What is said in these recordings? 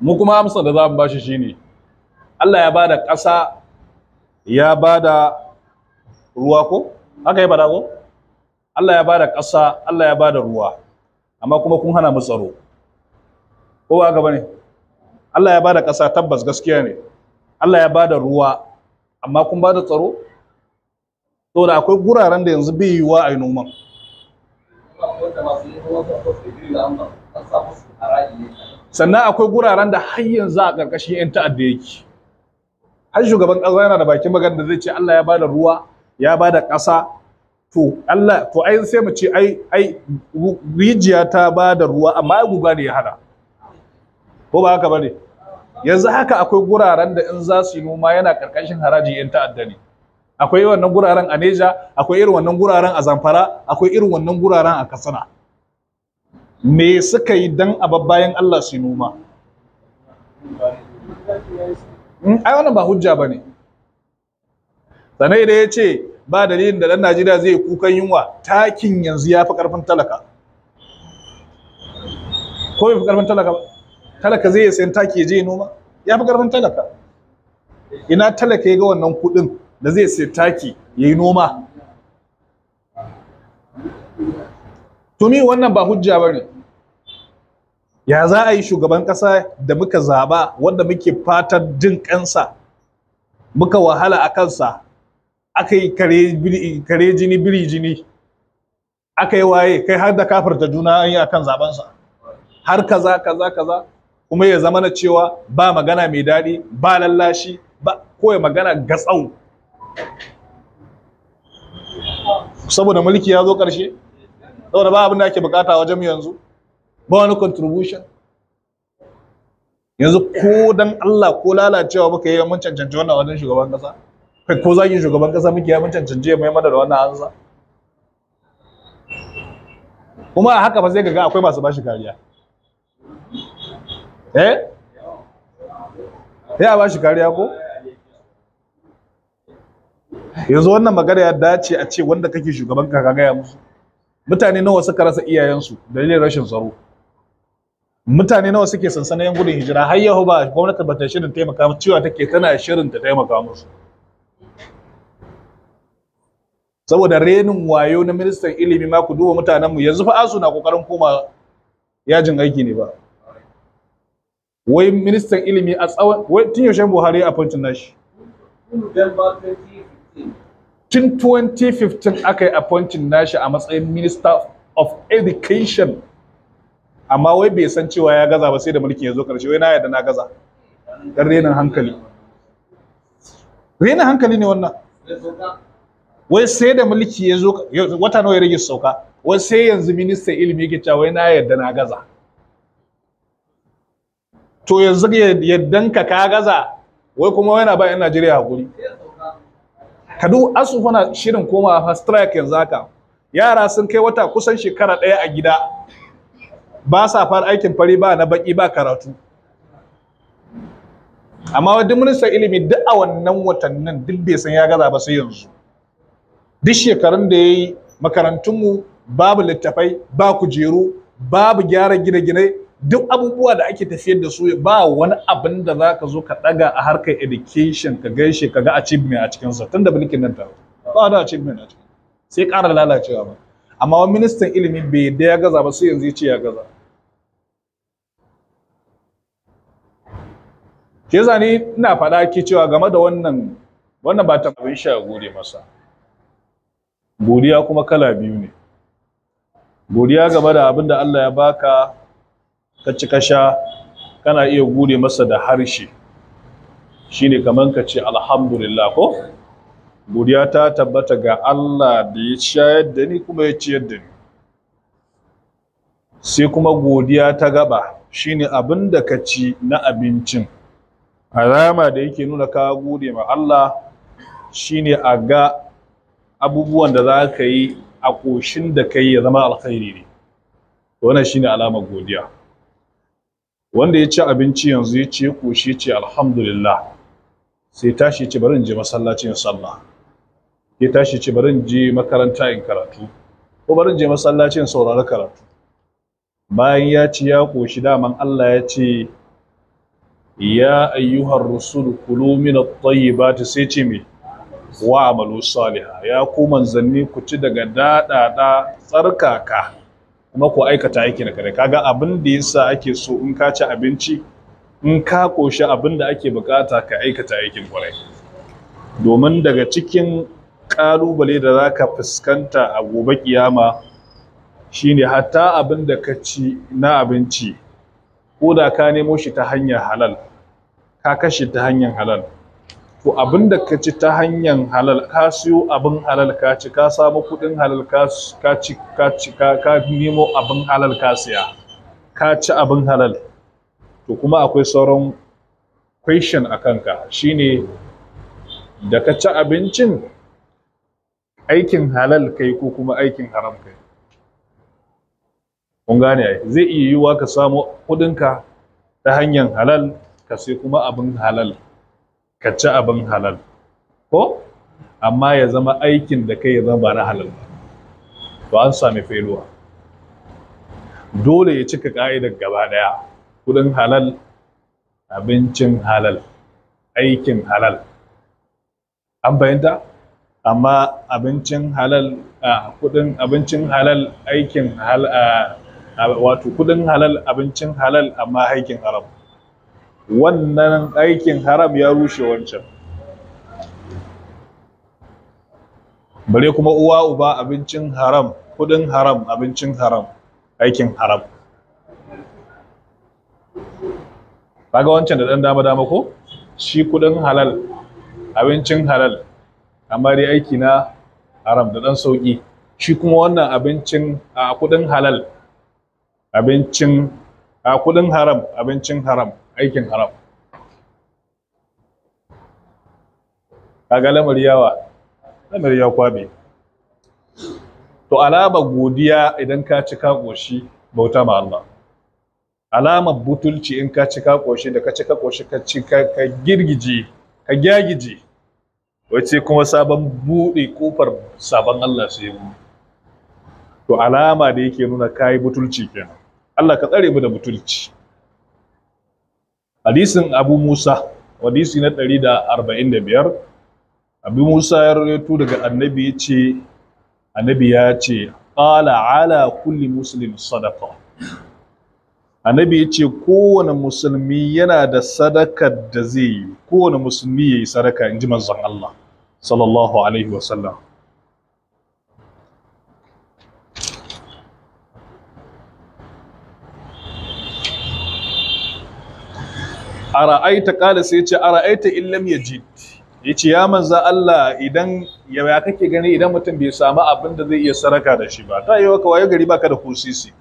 mu kuma amsa da za mu bashi shine Allah ya bada ƙasa ya bada ruwa ko haka ya bada ko Allah ya bada ƙasa Allah ya bada ruwa amma kuma kun hana mu tsaro ko ba haka bane Allah ya bada ƙasa tabbas gaskiya ne Allah ya bada ruwa amma kun bada tsaro to da akwai guraren da yanzu bai yiwa a yi noman sannan akwai guraren da har yanzu a ƙarƙashin 'yan ta'adda yake har shugaban ƙasa yana da bakin magana da zai ce Allah ya bada ruwa ya bada ƙasa to Allah to ai sai mu ce ai ai rijiya ta bada ruwa amma guga ne ya hada ko ba haka bane yanzu haka akwai guraren da in za su yi noma yana ƙarƙashin haraji 'yan ta'adda ne akwai wannan guraren a Neja akwai irin wannan guraren a Zamfara akwai irin wannan guraren a Katsina me suka yi dan bayan Allah su noma hmm, ai wannan ba hujja ba ne sanai da ya ce ba dalilin da ɗan najeriya zai kukan yunwa takin yanzu ya fi ƙarfin talaka ko bai fi ƙarfin talaka ba talaka zai sayan taki ya je noma ya fi ƙarfin talaka ina talaka ya ga wannan kuɗin da zai sayi taki ya yi noma to me wannan ba hujja ba ne ya za a yi shugaban ƙasa da muka zaba wanda muke fatan jin kansa muka wahala a kansa aka yi kare jini biri jini aka yi waye kai har da kafarta juna an yi akan zabansa har kaza kaza kaza kuma ya zama na cewa ba magana mai daɗi ba lallashi ba koya magana magana gatsau saboda mulki ya zo ƙarshe saboda ba abin da ake bukata wajen yanzu ba wani contribution yanzu ko dan Allah ko lalacewa muka yi mun cancanci wannan wajen shugaban kasa kai ko zagin shugaban kasa muke yi mun cancanci ya mai mana da wannan hanza kuma a haka ba sai ga akwai masu bashi kariya eh ya bashi kariya ko yanzu wannan magana ya dace a ce wanda kake shugaban ka ka gaya musu mutane nawa suka rasa iyayensu dalilin rashin tsaro mutane nawa suke sansanin yan gudun hijira har yau ba gwamnati ba ta shirin taimaka musu cewa take tana shirin ta taimaka musu saboda renin wayo na ministan ilimi ma ku duba mutanen mu yanzu fa asu na kokarin koma yajin aiki ne ba wai ministan ilimi a tsawon wai tun yaushe Buhari a appointin nashi tun 2015 aka yi appointin nashi a matsayin minister of education amma wai bai san cewa ya gaza ba sai da mulkin ya zo karshe wai na yarda na gaza dan renin hankali renin hankali ne wannan wai sai da mulki ya zo wata nawa ya rage sauka wai sai yanzu Minista ilimi yake cewa wai na yarda na gaza to yanzu yaddanka ka gaza wai kuma wai ba yan Najeriya hakuri ka duk asu shirin komawa strike yanzu haka yara sun kai wata kusan shekara ɗaya a gida ba sa fara aikin fari ba na baki ba karatu amma duk ministan ilimi duk a wannan watannin duk bai san ya gaza ba sai yanzu duk shekarun da ya yi makarantunmu babu littafai ba kujeru babu gyara gine-gine duk abubuwa da ake tafiyar da su ba wani abin da za ka zo ka ɗaga a harkar education ka gaishe ka ga achievement a cikinsa tun da mulkin nan ta ba da achievement a cikin sai ƙara lalacewa ba amma wani ministan ilimi bai da ya gaza ba sai yanzu ya ce ya gaza ke zani ina faɗa ke cewa game da wannan wannan ba ta abin sha gode masa godiya kuma kala biyu ne godiya game da abin da Allah ya baka ka ci ka sha kana iya gode masa da harshe shine kaman ka ce alhamdulillah ko godiya ta tabbata ga Allah da ya shayar da ni kuma ya ciyar da ni sai kuma godiya ta gaba shine abin da ka ci na abincin alama da yake nuna ka gode ma Allah shine a ga abubuwan da za ka yi a ƙoshin da kai ya zama alkhairi ne wannan shine alamar godiya wanda ya ci abinci yanzu ya ce ƙoshi ce alhamdulillah sai tashi ce bari in je masallacin sallah ya tashi ce bari in je makaranta in karatu ko bari in je masallacin saurari karatu bayan ya ci ya ƙoshi daman Allah ya ce ya ayyuhar rusul kulu min at-tayyibati sai ce me wa amalu salih ya ku manzanni ku ci daga da tsarkaka kuma ku aikata aiki na kare kaga abin da yasa ake so in ka ci abinci in ka koshi abin da ake bukata ka aikata aikin kwarai domin daga cikin ƙalubale da zaka fuskanta a gobe kiyama shine hatta abin da ka ci na abinci Koda ka nemo shi ta hanyar halal ka kashe ta hanyar halal to abin da ka ci ta hanyar halal ka siyo abin halal ka ci ka samu kuɗin halal ka ci ka ci ka nemo abin halal ka siya ka ci abin halal to kuma akwai sauran question a kanka shine da ka ci abincin aikin halal kai ko kuma aikin haram kai kun gane ai zai iya yiwuwa ka samu kuɗinka ta hanyar halal ka sai kuma abin halal ka ci abin halal ko amma ya zama aikin da kai ya zama ba na halal ba to an sami feluwa dole ya cika ka'idar gaba daya kuɗin halal abincin halal aikin halal an fahimta amma abincin halal kudin abincin halal aikin halal wato kudin halal abincin halal amma aikin haram wannan aikin haram ya rushe wancan bare kuma uwa uba abincin haram kudin haram abincin haram aikin haram kaga wancan da dan dama dama ko shi kudin halal abincin halal amma dai aiki na haram da dan sauki shi kuma wannan abincin a kudin halal abincin a kudin haram abincin haram aikin haram ga lamar yawa lamar ya kwabe to alama godiya idan ka ci ka koshi bauta ma Allah alama butulci in ka ci ka koshi da ka ci ka koshi ka ci ka girgije ka gyagije wace kuma sabon buɗe kofar sabon Allah sai mu to alama da yake nuna kai butulci kenan Allah ka tsare mu da mutunci. hadisin Abu Musa hadisi na 145 Abu Musa ya rawaito daga annabi yace annabi ya ce qala ala kulli muslim sadaqa annabi ya ce kowane musulmi yana da sadakar da zai yi kowane musulmi ya yi sadaka in ji manzon Allah sallallahu alaihi wasallam ara'aita qala sai yace ara'aita illam yajid yace ya manzo Allah idan ya kake gani idan mutum bai samu abin da zai iya saraka da shi ba ta yi wa waye gari baka da kusisi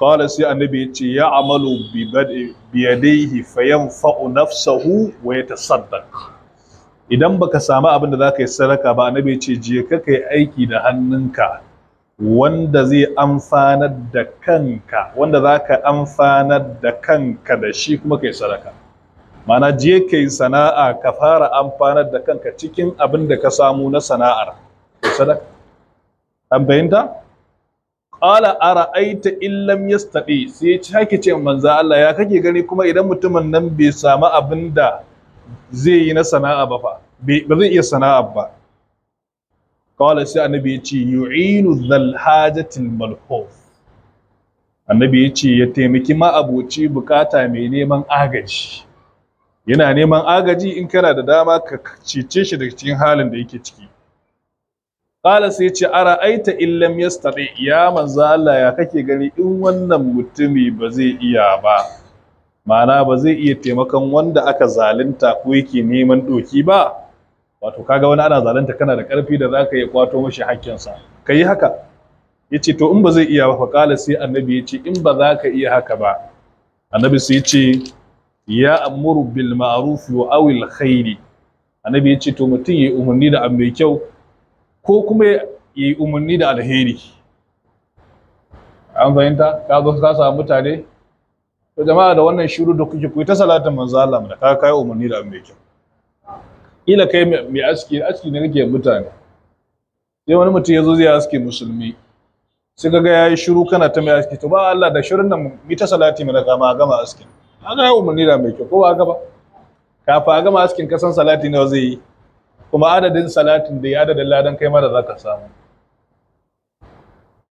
qala sai annabi yace ya amalu bi yadayhi fayanfa'u nafsahu wa yatasaddaq idan baka samu abin da zaka yi saraka ba annabi yace je ka kai aiki da hannunka wanda zai amfanar da kanka wanda za ka amfanar da kanka da shi kuma kai sadaka mana je kai sana'a ka fara amfanar da kanka cikin abin da ka samu na sana'ar kai sadaka an bayyanta qala aita in lam yastati sai ci hake ce manzo Allah ya kake gani kuma idan mutumin nan bai samu abin da zai yi na sana'a ba fa bai zai iya sana'a ba qala sai annabi ya ce yu'inu zal hajatil malhuf annabi ya ce ya taimaki ma'aboci bukata mai neman agaji yana neman agaji in kana da dama ka cece shi daga cikin halin da yake ciki qala sai ya ce ara aita illam ya stare ya manzo Allah ya kake gani in wannan mutumi ba zai iya ba ma'ana ba zai iya taimakon wanda aka zalunta ko yake neman doki ba wato kaga wani ana zalunta kana da karfi da zaka yi kwato mashi hakkinsa kai haka yace to in ba zai iya ba fa sai annabi yace in ba za ka iya haka ba annabi sai yace ya amuru bil ma'ruf wa awil khairi annabi yace to mutum yayi umarni da abu mai kyau ko kuma yayi umarni da alheri an fahimta ka zo ka samu mutane to jama'a da wannan shiru da kuke ku ta salatin manzo Allah da ka kai umarni da abu mai kyau kila kai mai aski aski ne nake mutane sai wani mutum ya zo zai aski musulmi sai kaga ya yi shiru kana ta mai aski to ba Allah da shirin nan mi ta salati mana kama gama askin haka ya umarni da mai kyau ko ba gaba ba kafin a gama askin kasan salati nawa zai yi kuma adadin salatin da ya adadin ladan kai ma da za ka samu